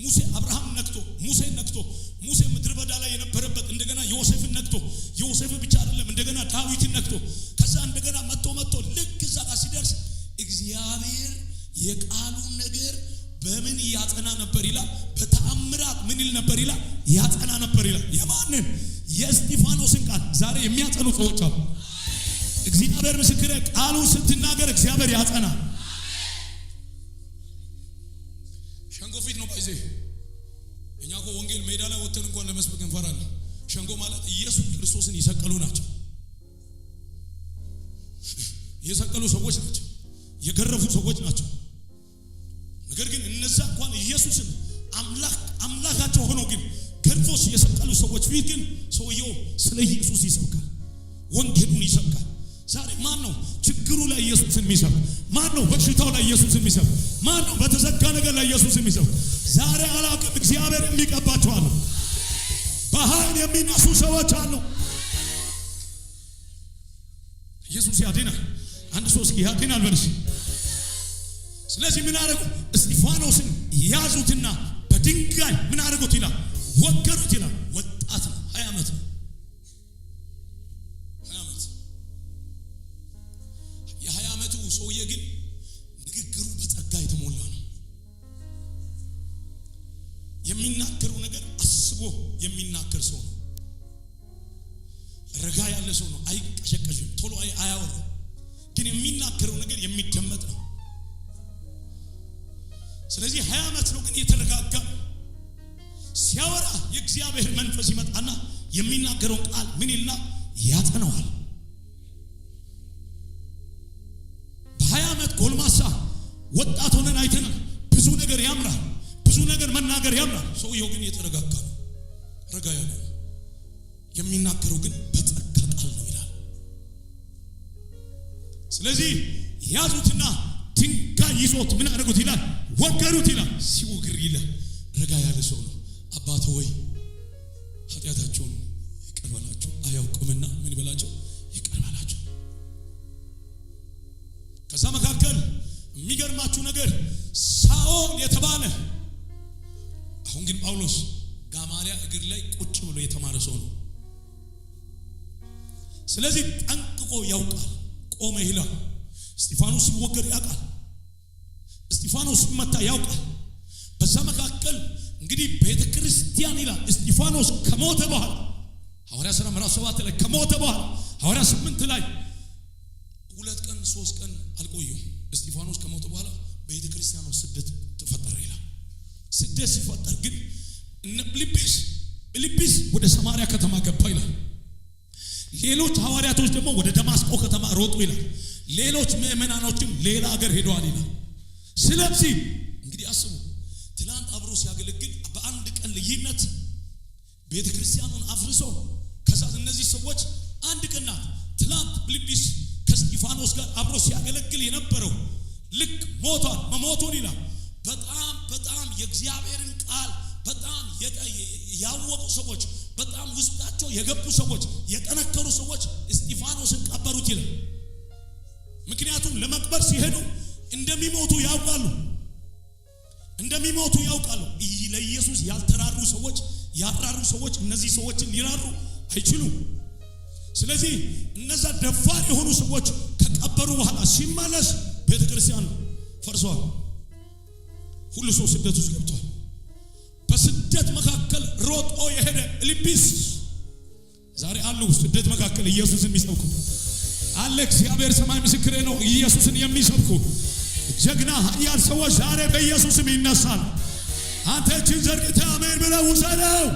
ሙሴ አብርሃም ነክቶ ሙሴ ነክቶ ሙሴ ምድር በዳ ላይ የነበረበት እንደገና ዮሴፍን ነክቶ ዮሴፍ ብቻ አይደለም እንደገና ዳዊትን ነክቶ ከዛ እንደገና መጥቶ መጥቶ ልክ እዛ ጋር ሲደርስ እግዚአብሔር የቃሉን ነገር በምን ያጠና ነበር ይላል። በተአምራት ምን ይል ነበር ይላል። ያጠና ነበር ይላል። የማንን የእስጢፋኖስን ቃል ዛሬ የሚያጠኑ ሰዎች አሉ። እግዚአብሔር ምስክር ቃሉ ስትናገር እግዚአብሔር ያጠና የሰቀሉ ናቸው። የሰቀሉ ሰዎች ናቸው። የገረፉ ሰዎች ናቸው። ነገር ግን እነዛ እንኳን ኢየሱስን አምላካቸው ሆኖ ግን ገርፎስ የሰቀሉ ሰዎች ፊት ግን ሰውየው ስለ ኢየሱስ ይሰብካል፣ ወንጌሉን ይሰብካል። ዛሬ ማን ነው ችግሩ ላይ ኢየሱስን የሚሰብ ማን ነው በሽታው ላይ ኢየሱስን የሚሰብ ማን ነው በተዘጋ ነገር ላይ ኢየሱስን የሚሰብ? ዛሬ አላቅም እግዚአብሔር የሚቀባቸው አሉ። በኃይል የሚነሱ ሰዎች አሉ። ኢየሱስ ያድናል። አንድ ሶስት ያድናል በርሱ። ስለዚህ ምን አረጉ? እስጢፋኖስን ያዙትና በድንጋይ ምን አረጉት ይላል ወገሩት ይላል። ወጣት ነው፣ ሀያ ዓመት ነው። የሀያ ዓመቱ ሰውዬ ግን ንግግሩ በጸጋ የተሞላ ነው። የሚናገሩ ነገር አስቦ የሚናገር ሰው ነው። ረጋ ያለ ሰው ነው። አይቀሸቀሽም፣ ቶሎ አያወራ ግን የሚናገረው ነገር የሚደመጥ ነው። ስለዚህ ሀያ ዓመት ነው፣ ግን የተረጋጋ ሲያወራ የእግዚአብሔር መንፈስ ይመጣና የሚናገረውን ቃል ምን ይልና ያጠነዋል። በሀያ ዓመት ጎልማሳ ወጣት ሆነን አይተና ብዙ ነገር ያምራል፣ ብዙ ነገር መናገር ያምራል። ሰውየው ግን የተረጋጋ ነው፣ ረጋ ያለ የሚናገረው ግን በጸጋ ቃል ነው ይላል። ስለዚህ ያዙትና ድንጋይ ይዞት ምን አደረጉት ይላል፣ ወገሩት ይላል። ሲወግር ይላል ረጋ ያለ ሰው ነው። አባቶ ወይ ኃጢአታቸውን ይቅር በላቸው አያውቁምና ምን ይበላቸው ይቅር በላቸው። ከዛ መካከል የሚገርማችሁ ነገር ሳኦል የተባለ አሁን ግን ጳውሎስ ጋማሊያ እግር ላይ ቁጭ ብሎ የተማረ ሰው ነው። ስለዚህ ጠንቅቆ ያውቃል። ቆመ ይላል። እስጢፋኖስ ሲወገድ ያውቃል። እስጢፋኖስ ሲመታ ያውቃል። በዛ መካከል እንግዲህ ቤተ ክርስቲያን ይላል እስጢፋኖስ ከሞተ በኋላ ሐዋርያ ሥራ ምዕራፍ ሰባት ላይ ከሞተ በኋላ ሐዋርያ ስምንት ላይ ሁለት ቀን ሶስት ቀን አልቆየም። እስጢፋኖስ ከሞተ በኋላ ቤተ ክርስቲያኗ ስደት ተፈጠረ ይላል። ስደት ሲፈጠር ግን ፊልጵስ ወደ ሰማርያ ከተማ ገባ ይላል። ሌሎች ሐዋርያቶች ደግሞ ወደ ደማስቆ ከተማ ሮጡ ይላል። ሌሎች ምእመናኖችም ሌላ ሀገር ሄደዋል ይላል። ስለዚህ እንግዲህ አስቡ፣ ትናንት አብሮ ሲያገለግል በአንድ ቀን ልዩነት ቤተ ክርስቲያኑን አፍርሶ ከዛ እነዚህ ሰዎች አንድ ቀናት ትላንት ትናንት ከስጢፋኖስ ጋር አብሮ ሲያገለግል የነበረው ልክ ሞቷል መሞቱን ይላል። በጣም በጣም የእግዚአብሔርን ቃል በጣም ያወቁ ሰዎች በጣም ውስጣቸው የገቡ ሰዎች፣ የጠነከሩ ሰዎች እስጢፋኖስን ቀበሩት ይላል። ምክንያቱም ለመቅበር ሲሄዱ እንደሚሞቱ ያውቃሉ፣ እንደሚሞቱ ያውቃሉ። ለኢየሱስ ያልተራሩ ሰዎች፣ ያራሩ ሰዎች እነዚህ ሰዎችን ሊራሩ አይችሉም። ስለዚህ እነዛ ደፋር የሆኑ ሰዎች ከቀበሩ በኋላ ሲመለስ ቤተ ክርስቲያን ፈርሷል። ሁሉ ሰው ስደት ውስጥ ገብቷል። ስደት መካከል ሮጦ የሄደ ፊልጶስ ዛሬ አሉ። ስደት መካከል ኢየሱስን የሚሰብኩ አለ። እግዚአብሔር ሰማይ ምስክሬ ነው። ኢየሱስን የሚሰብኩ ጀግና ኃያል ሰዎች ዛሬ በኢየሱስም ይነሳል። አንተ እጅን ዘርግተህ አሜን ብለው ውሰደው።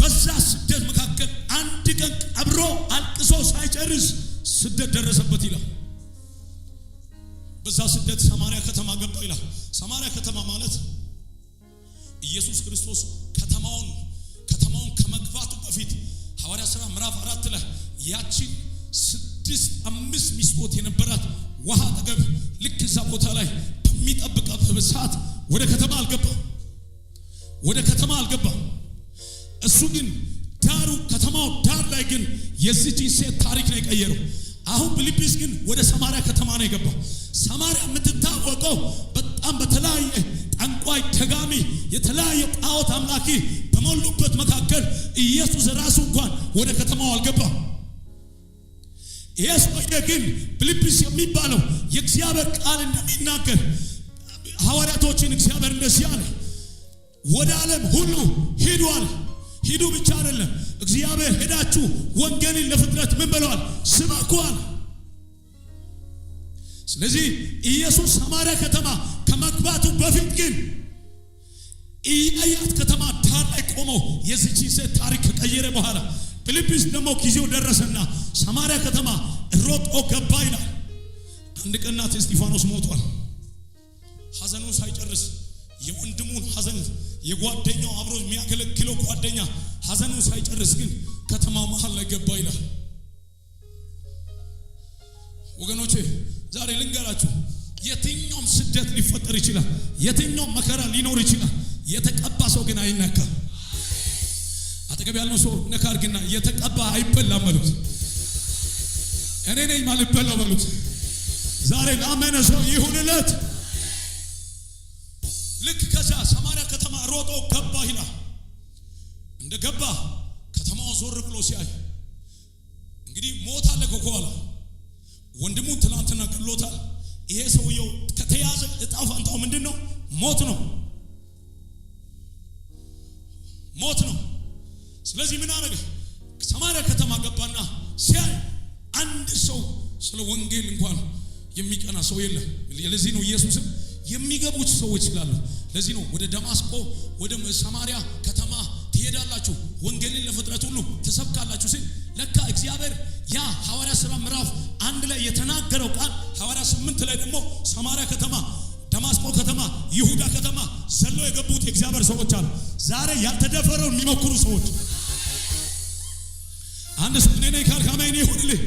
በዛ ስደት መካከል አንድ ቀን ቀብሮ አልቅሶ ሳይጨርስ ስደት ደረሰበት ይላል። በዛ ስደት ሰማሪያ ከተማ ገባ ይላል። ሰማሪያ ከተማ ማለት ኢየሱስ ክርስቶስ ከተማውን ከተማውን ከመግባቱ በፊት ሐዋርያ ሥራ ምዕራፍ አራት ላይ ያቺን ስድስት አምስት ሚስቦት የነበራት ውሃ አጠገብ ልክ እዛ ቦታ ላይ በሚጠብቀት ሰዓት ወደ ከተማ አልገባም፣ ወደ ከተማ አልገባም። እሱ ግን ዳሩ ከተማው ዳር ላይ ግን የዚህችን ሴት ታሪክ ነው የቀየረው። አሁን ፊልጵስ ግን ወደ ሰማሪያ ከተማ ነው የገባው። ሰማሪያ የምትታወቀው በጣም በተለያየ አጥቋጭ፣ ተጋሚ፣ የተለያየ ጣዖት አምላኪ በሞሉበት መካከል ኢየሱስ ራሱ እንኳን ወደ ከተማው አልገባም። ይሄ ሰውዬ ግን ፊልጵስ የሚባለው የእግዚአብሔር ቃል እንደሚናገር ሐዋርያቶችን እግዚአብሔር እንደዚህ አለ፣ ወደ ዓለም ሁሉ ሂዱ አለ። ሂዱ ብቻ አይደለም እግዚአብሔር ሄዳችሁ ወንጌልን ለፍጥረት ምን ብለዋል? ስበኩ አለ። ስለዚህ ኢየሱስ ሰማርያ ከተማ ከመግባቱ በፊት ግን ኢያያት ከተማ ዳር ላይ ቆመው የዚች ሴት ታሪክ ከቀየረ በኋላ ፊልጵስ ደግሞ ጊዜው ደረሰና ሰማሪያ ከተማ ሮጦ ገባ ይላል። አንድ ቀናት እስጢፋኖስ ሞቷል። ሐዘኑን ሳይጨርስ የወንድሙን ሐዘን የጓደኛው አብሮ የሚያገለግለው ጓደኛ ሐዘኑን ሳይጨርስ ግን ከተማ መሀል ላይ ገባ ይላል። ወገኖቼ ዛሬ ልንገራችሁ የትኛውም ስደት ሊፈጠር ይችላል። የትኛውም መከራ ሊኖር ይችላል። የተቀባ ሰው ግን አይነካ። አጠገብ ያለው ሰው ነካ አድርግና የተቀባ አይበላም በሉት። እኔ ነኝ ማልበላው በሉት። ዛሬ ላመነ ሰው ይሁንለት። ልክ ከዛ ሰማሪያ ከተማ ሮጦ ገባ ይላ እንደ ገባ ከተማውን ዞር ብሎ ሲያይ እንግዲህ ሞት አለ ከኋላ። ወንድሙን ትናንትና ገሎታል። ይሄ ሰውየው ከተያዘ እጣ ፈንታው ምንድን ነው? ሞት ነው፣ ሞት ነው። ስለዚህ ምን አረገ? ሰማሪያ ከተማ ገባና ሲያይ አንድ ሰው ስለ ወንጌል እንኳን የሚቀና ሰው የለም። ለዚህ ነው ኢየሱስም የሚገቡት ሰዎች ስላሉ፣ ለዚህ ነው ወደ ደማስቆ ወደ ሰማሪያ ከተማ ትሄዳላችሁ፣ ወንጌልን ለፍጥረት ሁሉ ትሰብካላችሁ ሲል ለካ እግዚአብሔር ያ ሐዋርያ ሥራ ምዕራፍ አንድ ላይ የተናገረው ቃል ስምንት ላይ ደግሞ ሰማሪያ ከተማ፣ ደማስቆ ከተማ፣ ይሁዳ ከተማ ዘለው የገቡት የእግዚአብሔር ሰዎች አሉ። ዛሬ ያልተደፈረውን የሚሞክሩ ሰዎች አንድ ሰው እኔ ነኝ ካልክ አሜን ይሁንልህ።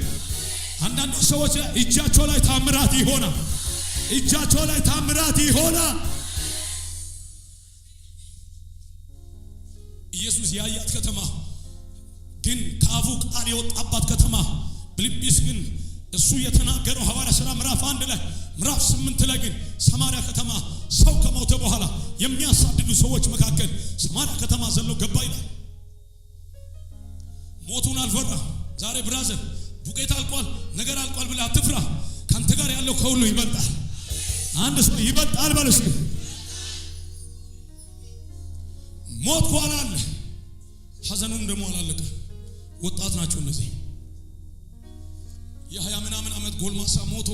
አንዳንድ ሰዎች እጃቸው ላይ ታምራት ይሆናል። እጃቸው ላይ ታምራት ይሆናል። ኢየሱስ ያያት ከተማ ግን ከአፉ ቃል የወጣባት ከተማ ፊልጵስ ግን እሱ የተናገረው ሐዋርያ ሥራ ምዕራፍ አንድ ላይ ምዕራፍ ስምንት ላይ ግን ሰማሪያ ከተማ ሰው ከሞተ በኋላ የሚያሳድዱ ሰዎች መካከል ሰማሪያ ከተማ ዘሎ ገባ ይላል። ሞቱን አልፈራ። ዛሬ ብራዘር ዱቄት አልቋል፣ ነገር አልቋል ብለህ አትፍራ። ከአንተ ጋር ያለው ከሁሉ ይበልጣል። አንድ ሰው ይበልጣል በል እስኪ። ሞት ኋላ አለ፣ ሐዘኑም ደግሞ አላለቀ። ወጣት ናቸው እነዚህ የሀያ ምናምን ዓመት ጎልማሳ ሞቶ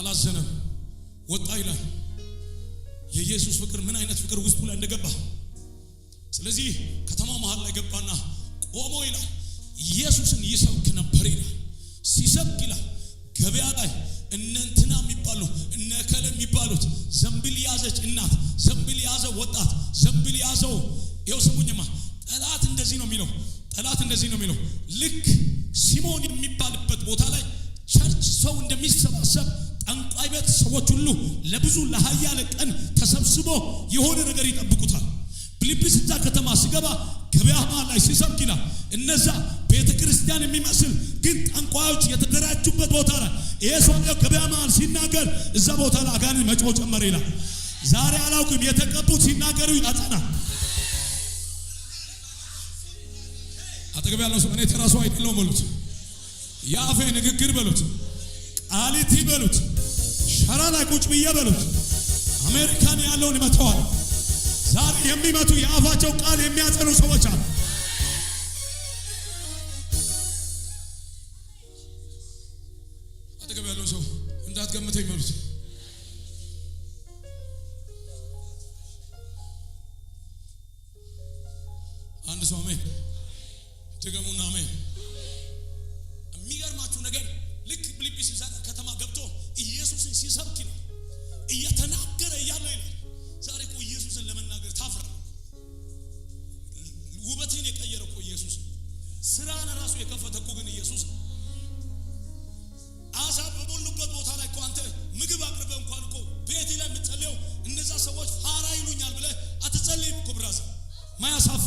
አላዘነም። ወጣ ይላል። የኢየሱስ ፍቅር ምን አይነት ፍቅር ውስጡ ላይ እንደገባ ስለዚህ ከተማ መሀል ላይ ገባና ቆሞ ይላል ኢየሱስን ይሰብክ ነበር ይላል። ሲሰብክ ይላል ገበያ ላይ እነንትና የሚባሉ እነከለ የሚባሉት ዘንቢል የያዘች እናት፣ ዘንቢል የያዘ ወጣት፣ ዘንቢል የያዘው ይኸው ስሙኝማ ጠላት እንደዚህ ነው የሚለው ጠላት እንደዚህ ነው የሚለው ልክ ሲሞን የሚባልበት ቦታ ላይ ቸርች ሰው እንደሚሰባሰብ ጠንቋይ ቤት ሰዎች ሁሉ ለብዙ ለሀያለ ቀን ተሰብስቦ የሆነ ነገር ይጠብቁታል። ፊልጵስ ከተማ ስገባ ገበያ መሃል ላይ ሲሰብኪና እነዛ ቤተ ክርስቲያን የሚመስል ግን ጠንቋዮች የተደራጁበት ቦታ ላይ ይሄ ሰው ገበያ መሃል ሲናገር እዛ ቦታ ላይ አጋንንት መጮ ጨመር ይላል። ዛሬ አላውቅም የተቀቡት ሲናገሩ ያጸናል። አጠገብ ያለው ሰው እኔ ተራሱ አይደለሁም በሉት። የአፌ ንግግር በሉት፣ ቃሊቲ በሉት፣ ሸራ ላይ ቁጭ ብዬ በሉት። አሜሪካን ያለውን ይመተዋል። ዛሬ የሚመቱ የአፋቸው ቃል የሚያጸኑ ሰዎች አሉ። አጠገብ ያለው ሰው እንዳትገምተኝ በሉት።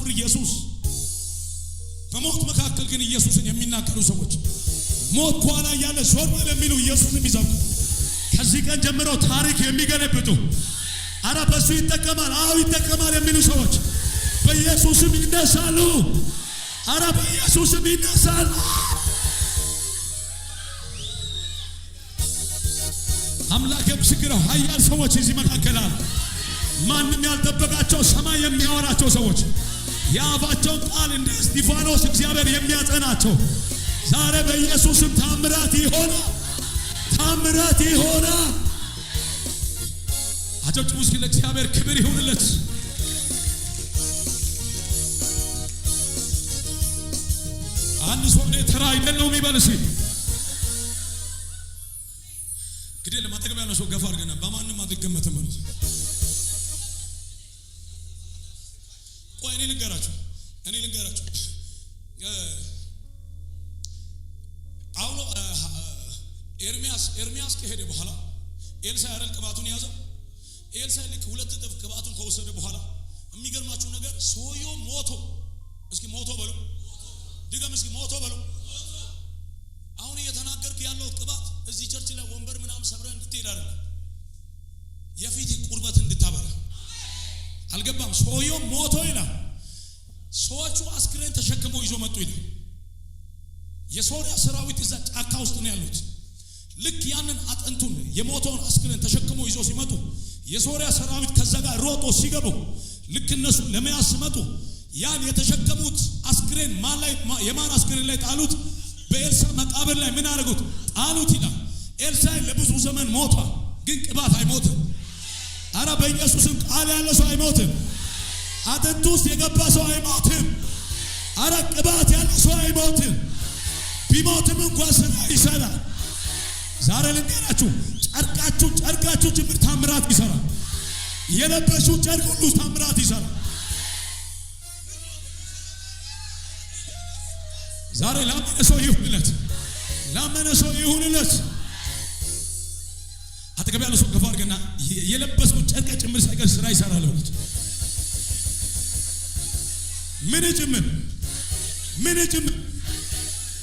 የሚያስተምር ኢየሱስ ከሞት መካከል ግን ኢየሱስን የሚናገሩ ሰዎች ሞት በኋላ እያለ ዞር በል የሚሉ ኢየሱስን የሚዘጉ ከዚህ ቀን ጀምሮ ታሪክ የሚገነብጡ አረ በሱ ይጠቀማል፣ አዎ ይጠቀማል የሚሉ ሰዎች በኢየሱስም ይነሳሉ። አረ በኢየሱስም ይነሳል። አምላክ የምስክረው ኃያል ሰዎች እዚህ መካከል አሉ። ማንም ያልጠበቃቸው ሰማይ የሚያወራቸው ሰዎች የአፋቸው ቃል እንደ እስጢፋኖስ እግዚአብሔር የሚያጸናቸው ዛሬ በኢየሱስም ታምራት ይሆና ታምራት ይሆና። አጨብጭቡ እስኪ ለእግዚአብሔር ክብር ይሁንለት። አንድ ሰው እኔ ተራ አይደለሁም ይበል እስኪ። እንግዲህ ለማጠገብ ያለው ሰው ገፋ አድርገና በማንም አትገመትም ማለት ነው ልንገራችሁ እኔ ልንገራችሁ አሁን ኤርሚያስ ኤርሚያስ ከሄደ በኋላ ኤልሳ ያረል ቅባቱን ያዘው። ኤልሳ ልክ ሁለት እጥፍ ቅባቱን ከወሰደ በኋላ የሚገርማችሁ ነገር ሶዮ ሞቶ እስኪ ሞቶ በሉ ድገም፣ እስኪ ሞቶ በሉ። አሁን እየተናገርክ ያለው ቅባት እዚህ ቸርች ላይ ወንበር ምናምን ሰብረ እንድትሄድ አለ የፊት ቁርበት እንድታበረ አልገባም። ሶዮ ሞቶ ይላል ሰዎቹ አስክሬን ተሸክመው ይዞ መጡ ይላል። የሶሪያ ሰራዊት እዛ ጫካ ውስጥ ነው ያሉት። ልክ ያንን አጥንቱን የሞተውን አስክሬን ተሸክመው ይዞ ሲመጡ የሶሪያ ሰራዊት ከዛ ጋር ሮጦ ሲገቡ ልክ እነሱ ለመያዝ ሲመጡ ያን የተሸከሙት አስክሬን ማን ላይ የማን አስክሬን ላይ ጣሉት? በኤልሳ መቃብር ላይ ምን አደረጉት? ጣሉት ይላል። ኤልሳ ለብዙ ዘመን ሞቷል፣ ግን ቅባት አይሞትም። አረ በኢየሱስም ቃል ያለ ሰው አይሞትም። አጥንት ውስጥ የገባ ሰው አይሞትም። አረ ቅባት ያለው ሰው አይሞትም። ቢሞትም እንኳ ስራ ይሰራል። ዛሬ ልንገራችሁ፣ ጨርቃችሁ ጨርቃችሁ ጭምር ታምራት ይሰራል። የለበሱ ጨርቅ ሁሉ ታምራት ይሰራል። ዛሬ ላመነ ሰው ይሁንለት፣ ላመነ ሰው ይሁንለት። አጠገብ ያለው ሰው ገፋ የለበሰው ጨርቅ ጭምር ሳይቀር ስራ ይሰራል። ምን ጭምር ምን ጭምር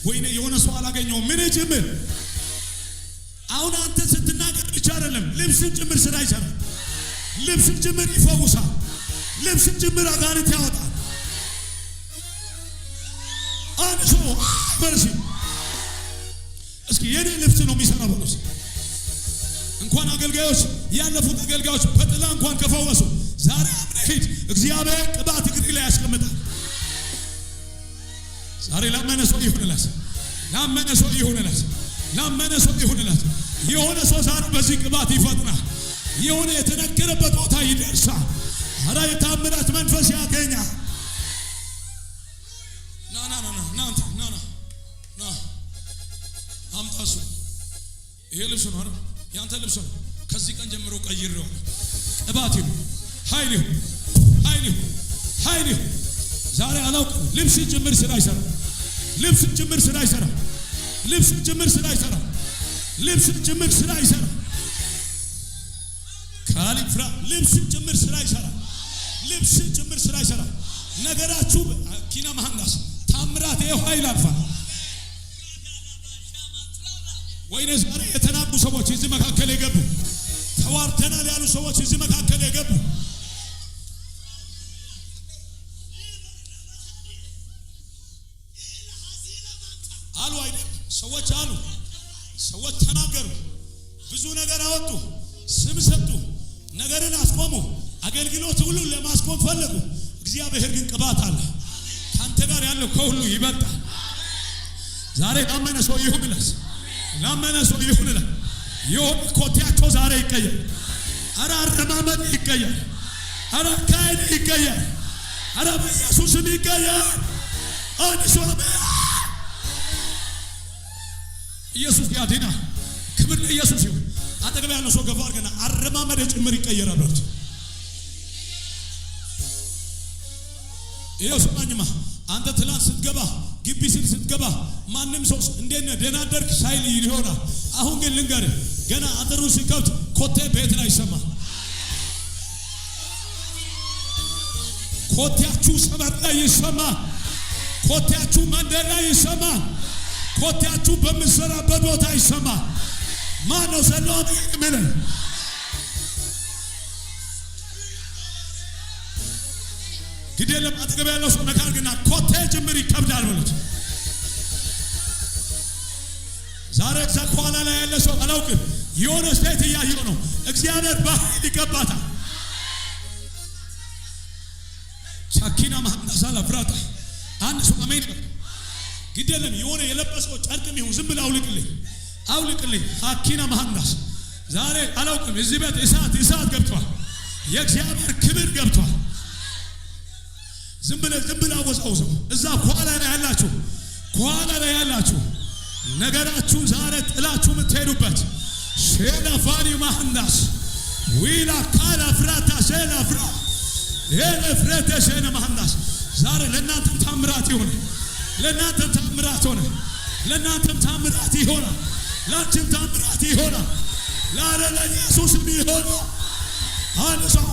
ወይኔ የሆነ ሰው አላገኘው። ምን ጭምር አሁን አንተ ስትናገር ብቻ አይደለም፣ ልብስን ጭምር ስራ ይሰራል። ልብስን ጭምር ይፈውሳል። ልብስን ጭምር አጋንንት ያወጣል። አንድ ሰው በርሲ እስኪ የኔ ልብስ ነው የሚሰራ በሉስ። እንኳን አገልጋዮች ያለፉት አገልጋዮች በጥላ እንኳን ከፈወሱ ዛሬ አምነህ ሂድ። እግዚአብሔር ቅባት እግሪ ላይ ያስቀምጣል። ዛሬ ላመነ ሰው ይሁንላት፣ ላመነ ሰው ይሁንላት፣ ላመነ ሰው ይሁንላት። የሆነ ሰው ዛሬ በዚህ ቅባት ይፈጥናል። የሆነ የተነገረበት ቦታ ይደርሳል። አራ የታምራት መንፈስ ያገኛል። ና ና ና ና አንተ ና ና ና አምጣ። እሱ ይሄ ልብስ ነው አይደል? ያንተ ልብስ ነው። ከዚህ ቀን ጀምሮ ቀይሬው ቅባት ይሁን፣ ኃይል ይሁን፣ ኃይል ይሁን፣ ኃይል ይሁን። ዛሬ አላውቅም ልብስ ጭምር ስራ ይሰራል። ልብስ ጭምር ስራ ይሰራ። ልብስ ጭምር ስራ ይሰራ። ልብስ ጭምር ስራ ይሰራ። ካሊፍራ ልብስ ጭምር ስራ ይሰራ። ልብስ ጭምር ስራ ይሰራ። ነገራችሁ ኪና መሐንዳስ ታምራት የውሃ ይላልፋል አልፋል። ወይኔ ዛሬ ሰዎች እዚህ መካከል የገቡ ተዋርተናል ያሉ ሰዎች እዚህ መካከል የገቡ አሉ አይደል? ሰዎች አሉ፣ ሰዎች ተናገሩ፣ ብዙ ነገር አወጡ፣ ስም ሰጡ፣ ነገርን አስቆሙ፣ አገልግሎት ሁሉ ለማስቆም ፈለጉ። እግዚአብሔር ግን ቅባት አለ። ካንተ ጋር ያለው ከሁሉ ይበልጣል። ዛሬ ላመነ ሰው ይሁን ለስ ላመነ ሰው ይሁን ለ ይሁን ኮቴያቸው ዛሬ ይቀየር። አረ አረማመድ ይቀየር። አረ አካሄድ ይቀየር። አረ በኢየሱስም ይቀየር። አንሶ ሰው ኢየሱስ ያድና። ክብር ለኢየሱስ ይሁን። አጠገብ ያለ ሰው ገፋ አድርገና አረማመድ ጭምር ይቀየራል። ወርት ኢየሱስ ማንማ አንተ ትላንት ስትገባ ግቢ ስል ስትገባ ማንም ሰው እንዴት ነህ ደህና አደርክ ሳይል ይሆናል። አሁን ግን ልንገርህ ገና አጥሩ ሲከብት ኮቴ ቤት ላይ ይሰማል። ኮቴያችሁ ሰመር ላይ ይሰማል። ኮቴያችሁ መንደር ላይ ይሰማል። ኮቴያችሁ በሚሰራበት ቦታ ይሰማ ማን ነው ሰለሆን ግዴ ለማጥገብ ያለው ሰው ነካር ግና ኮቴ ጭምር ይከብዳል በሉት። ዛሬ እዛ ከኋላ ላይ ያለ ሰው አላውቅም። የሆነ ሴት እያየሁ ነው። እግዚአብሔር በኃይል ይገባታል። ሳኪና ማህዳሳላ ፍራታ አንድ ሰው አሜን ግደለም የሆነ የለበሰው ጨርቅም ይሁን ዝም ብለህ አውልቅልኝ፣ አውልቅልኝ። ሀኪና መሐናስ ዛሬ አላውቅም። እዚህ ቤት እሳት እሳት ገብቷል። የእግዚአብሔር ክብር ገብቷል። ዝም ብለህ ዝም ብለህ አወዛውዘው። እዛ ኋላ ላይ ያላችሁ ኋላ ላይ ያላችሁ ነገራችሁ ዛሬ ጥላችሁ የምትሄዱበት ሼላ ፋኒ ማህናስ ዊላ ካላ ፍራታ ሼላ ፍራ ሄለ ፍረተ ሼነ ማህናስ ዛሬ ለእናንተም ታምራት ይሁን። ለእናንተም ታምራት ሆነ። ለእናንተም ታምራት ይሆናል። ለአንቺም ታምራት ይሆናል። ላለ ለኢየሱስ የሚሆነ አንድ ሰው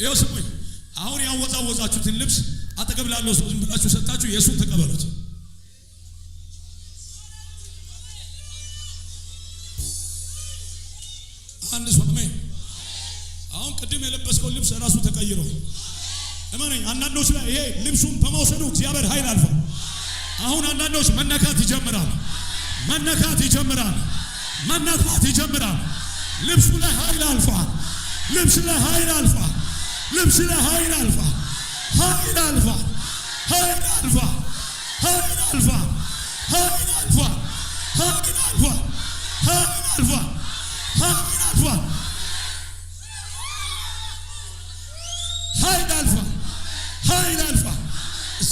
ይኸው ስሙኝ። አሁን ያወዛወዛችሁትን ልብስ አጠገብ ላለው ሰው ዝም ብላችሁ ሰጣችሁ፣ የእሱን ተቀበሉት። የሚቀይረው። እመነኝ፣ አንዳንዶች ላይ ይሄ ልብሱን በመውሰዱ እግዚአብሔር ኃይል አልፏል። አሁን አንዳንዶች መነካት ይጀምራል፣ መነካት ይጀምራል፣ መነካት ይጀምራል። ልብሱ ላይ ኃይል አልፏል። ልብስ ላይ ኃይል አልፏል። ልብስ ላይ ኃይል አልፏል። ኃይል አልፏል። ኃይል አልፏል።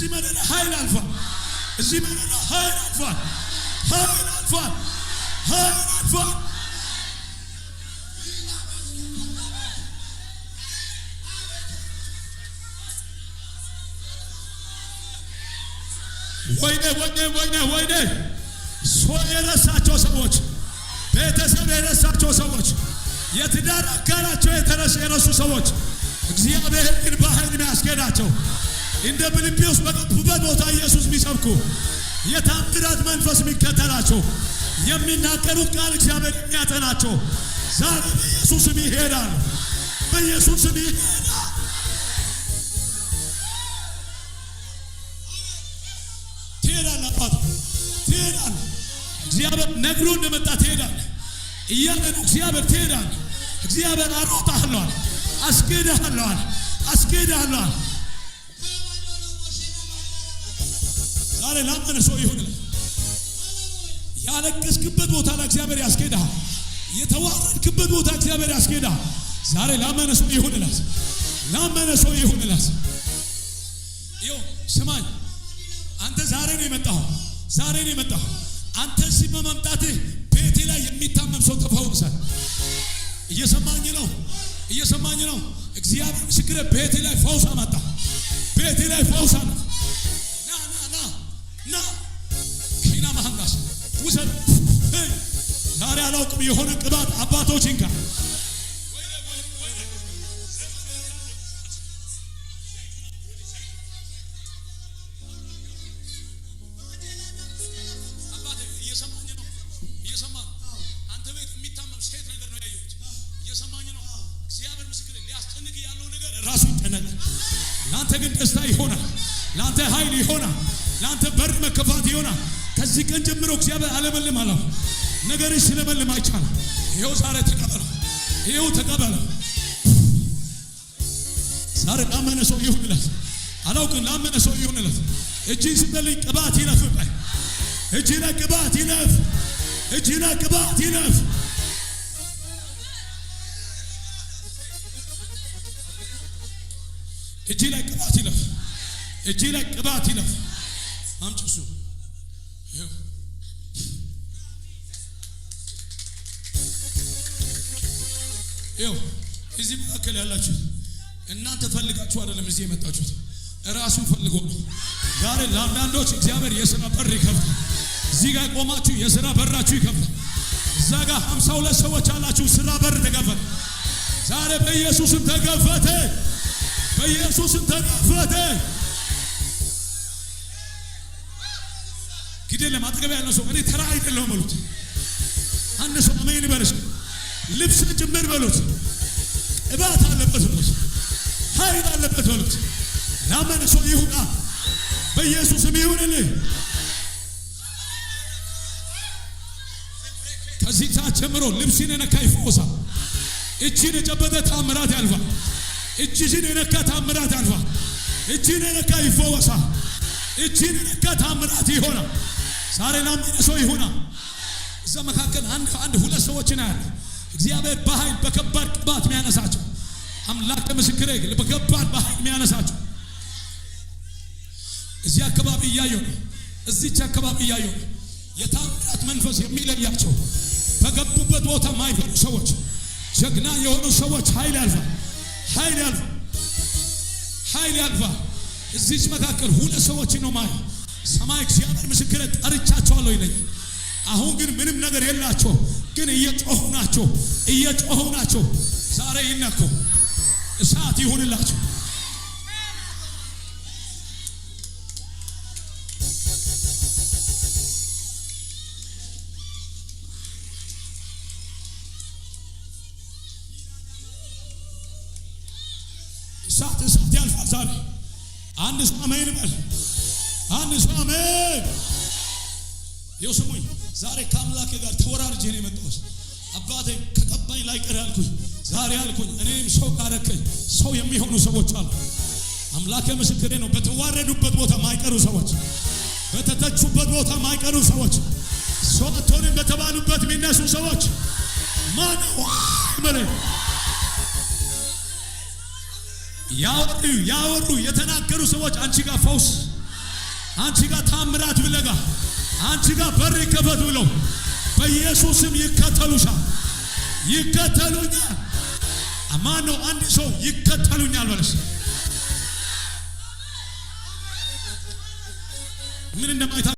እዚህ መረዳ ኃይል አልፏል። እዚህ መረዳ ኃይል አልፏል። ኃይል አልፏል። ኃይል አልፏል። ወይኔ ወይኔ ወይኔ ወይኔ ሰው የረሳቸው ሰዎች ቤተሰብ የረሳቸው ሰዎች የትዳር አጋራቸው የረሱ ሰዎች እግዚአብሔር ግን በኃይል የሚያስኬዳቸው እንደ ፊልጶስ በገቡበት ቦታ ኢየሱስ ቢሰብኩ የታምራት መንፈስ የሚከተላቸው የሚናገሩት ቃል እግዚአብሔር የሚያጠናቸው ዛሬ በኢየሱስም ይሄዳል። በኢየሱስም ይሄዳል። ትሄዳል። አባት ትሄዳል። እግዚአብሔር ነግሮ እንደመጣ ትሄዳል። እያለን እግዚአብሔር ትሄዳል። እግዚአብሔር አሮጣህለዋል፣ አስኬዳህለዋል፣ አስኬዳህለዋል ዛሬ ላመነ ሰው ይሁን። ያለቀስክበት ቦታ ለእግዚአብሔር እግዚአብሔር ያስኬድሃል። የተዋረድክበት ቦታ እግዚአብሔር ያስኬድሃል። ዛሬ ላመነ ሰው ይሁን። ላመነ ሰው ይሁን። ስማኝ፣ አንተ ዛሬ ነው የመጣኸው። ዛሬ ነው የመጣኸው። አንተ እዚህ በመምጣትህ ቤቴ ላይ የሚታመም ሰው ተፈውሳል። እየሰማኝ ነው፣ እየሰማኝ ነው። እግዚአብሔር ምስክሬ፣ ቤቴ ላይ ፈውስ አመጣ። ቤቴ ላይ ፈውስ አመጣ። ና ኪና ማህንጋስ ውሰድ። ዛሬ አላውቅም የሆነ ቅባት አባቶች እንካ ላንተ ግን ደስታ ይሆናል። ላንተ ኃይል ይሆናል። ለአንተ በር መከፋት ይሆናል። ከዚህ ቀን ጀምሮ እግዚአብሔር አለመልም አለው ነገርሽ ስለመልም አይቻልም። ይኸው ዛሬ ተቀበለ፣ ይኸው ተቀበለ። ዛሬ ላመነ ሰው ይሁንለት፣ አላውቅም ላመነ ሰው ይሁንለት። እጅን ስትልኝ ቅባት ይነፍ፣ እጅ ላይ ቅባት ይነፍ፣ እጅ ላይ ቅባት ይነፍ። እጅ ላይ ቅባት ይለፍ፣ እጅ ላይ ቅባት ይለፍ። አምጪ እሱ ይኸው እዚህ መካከል ያላችሁ እናንተ ፈልጋችሁ አይደለም እዚህ የመጣችሁት፣ እራሱ ፈልጎ ነው። ዛሬ ለአንዳንዶች እግዚአብሔር የሥራ በር ይከፍታል። እዚህ ጋር ቆማችሁ የሥራ በራችሁ ይከፍታል። እዛ ጋር ሀምሳ ሁለት ሰዎች አላችሁ፣ ሥራ በር ተከፈተ። ዛሬ በኢየሱስም ተከፈተ። በኢየሱስም ተከፈተ። ግዴለ ማጠገቢያ ያለው ሰው እኔ ተራ አይደለሁም በሉት። አንድ ሰው አሜን ይበልስ። ልብስን ጭምር በሉት። እባት አለበት በሉት። ኃይል አለበት በሉት። ያመነ ሰው ይሁና በኢየሱስም ይሁንልህ። ከዚህ ሰዓት ጀምሮ ልብስን የነካ ይፈወሳል። እጅን የጨበጠ ታምራት ያልፋል። እጅሽን የነካ ታምራት ያልፋል። እጅን የነካ ይፈወሳል። እጅን የነካ ታምራት ይሆናል። ዛሬ ላመነ ሰው ይሁና። እዛ መካከል አንድ አንድ ሁለት ሰዎችን አያለ እግዚአብሔር በኃይል በከባድ ቅባት የሚያነሳቸው አምላክ ምስክሬ በከባድ በኃይል የሚያነሳቸው እዚህ አካባቢ እያዩ ነው። እዚች አካባቢ እያዩ ነው። የታምራት መንፈስ የሚለያቸው በገቡበት ቦታ ማይፈሩ ሰዎች፣ ጀግና የሆኑ ሰዎች ኃይል ያልፋል፣ ኃይል ያልፋል፣ ኃይል ያልፋል። እዚች መካከል ሁለት ሰዎች ነው ማየ ሰማይ እግዚአብሔር ምስክሬ ጠርቻቸዋለሁ ይለኛል። አሁን ግን ምንም ነገር የላቸው፣ ግን እየጮሁ ናቸው፣ እየጮሁ ናቸው። ዛሬ ይነኩ፣ እሳት ይሁንላቸው። እሳት እሳት ያልፋል። ዛሬ አንድ ሰማይን በል አንድ ሰው አሜን። ይኸው ስሙኝ፣ ዛሬ ከአምላኬ ጋር ተወራርጄ ነው የመጣሁት። አባቴ ከቀባኝ ላይ ቀር ያልኩኝ ዛሬ አልኩኝ። እኔም ሰው ካረከኝ ሰው የሚሆኑ ሰዎች አሉ። አምላኬ ምስክሬ ነው። በተዋረዱበት ቦታ ማይቀሩ ሰዎች፣ በተተቹበት ቦታ ማይቀሩ ሰዎች፣ ሰው አትሆንም በተባሉበት የሚነሱ ሰዎች ማን መለ ያወሩ ያወሩ የተናገሩ ሰዎች አንቺ ጋር ፈውስ አንቺ ጋር ታምራት ብለጋ አንቺ ጋር በር ይከፈት ብለው በኢየሱስም ይከተሉሻል፣ ይከተሉኛል። ማን አንድ ሰው ይከተሉኛል በለሽ። ምን እንደማይታ